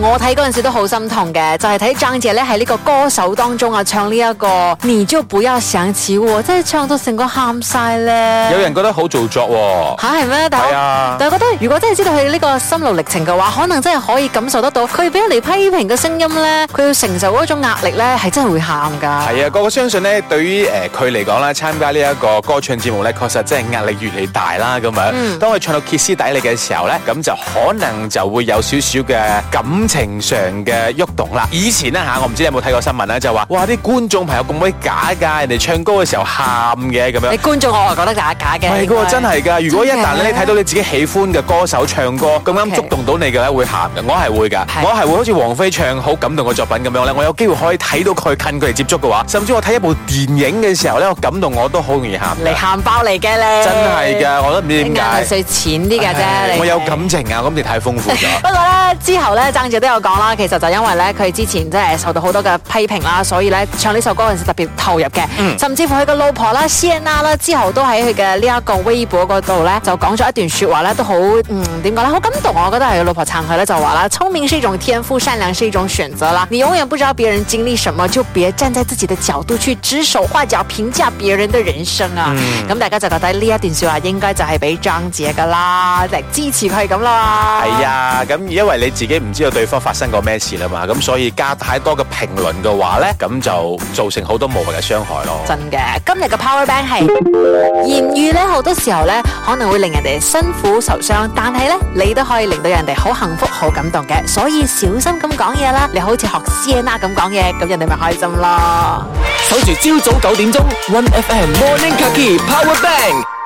我睇嗰陣時都好心痛嘅，就係睇張姐咧喺呢個歌手當中啊，唱呢一個你就不要想起我，哦，真係唱到成個喊晒咧。有人覺得好做作，哦，吓係咩？但係、啊、但係覺得如果真係知道佢呢個心路歷程嘅話，可能真係可以感受得到佢俾人哋批評嘅聲音咧，佢要承受嗰種壓力咧，係真係會喊噶。係啊，個個相信咧，對於誒佢嚟講啦，參加呢一個歌唱節目咧，確實真係壓力越嚟越大啦。咁樣，嗯、當佢唱到歇斯底里嘅時候咧，咁就可能就會有少少嘅感。情常嘅鬱動啦，以前咧嚇，我唔知你有冇睇過新聞咧，就話哇啲觀眾朋友咁鬼假㗎，人哋唱歌嘅時候喊嘅咁樣，你觀眾我係覺得假假嘅，係真係噶。如果一旦你睇到你自己喜歡嘅歌手唱歌，咁啱、啊 okay。觸動到你嘅咧，會喊嘅，我係會㗎，我係會好似王菲唱好感動嘅作品咁樣咧，我有機會可以睇到佢近距離接觸嘅話，甚至我睇一部電影嘅時候咧，我感動我都好容易喊，你喊包嚟嘅咧，真係嘅，我都唔知點解眼水淺啲㗎啫，我有感情啊，咁你太豐富咗。 不過咧之後咧爭住都有講啦，其實就因為咧，佢之前真係受到好多嘅批評啦，所以咧唱呢首歌嗰陣時特別投入嘅。嗯，甚至乎佢嘅老婆啦、先啦，之後都喺佢嘅呢一個微博嗰度咧，就講咗一段說話咧，都好嗯點講咧，好感動。我覺得係佢老婆撐佢咧，就話啦：聰明是一種天賦，善良是一種選擇啦。你永遠不知道別人經歷什麼，就別站在自己的角度去指手畫腳評價別人的人生啊。咁、嗯、大家就覺得呢一段說話應該就係俾壯姐嘅啦，嚟支持佢咁啦。係、哎、啊，咁因為你自己唔知道對。方發生過咩事啦嘛，咁所以加太多嘅評論嘅話咧，咁就造成好多無謂嘅傷害咯。真嘅，今日嘅 Power Bank 係言語咧，好多時候咧可能會令人哋辛苦受傷，但係咧你都可以令到人哋好幸福、好感動嘅，所以小心咁講嘢啦。你好似學 Cena 咁講嘢，咁人哋咪開心咯。守住朝早九點鐘，One FM Morning Kaki Power Bank。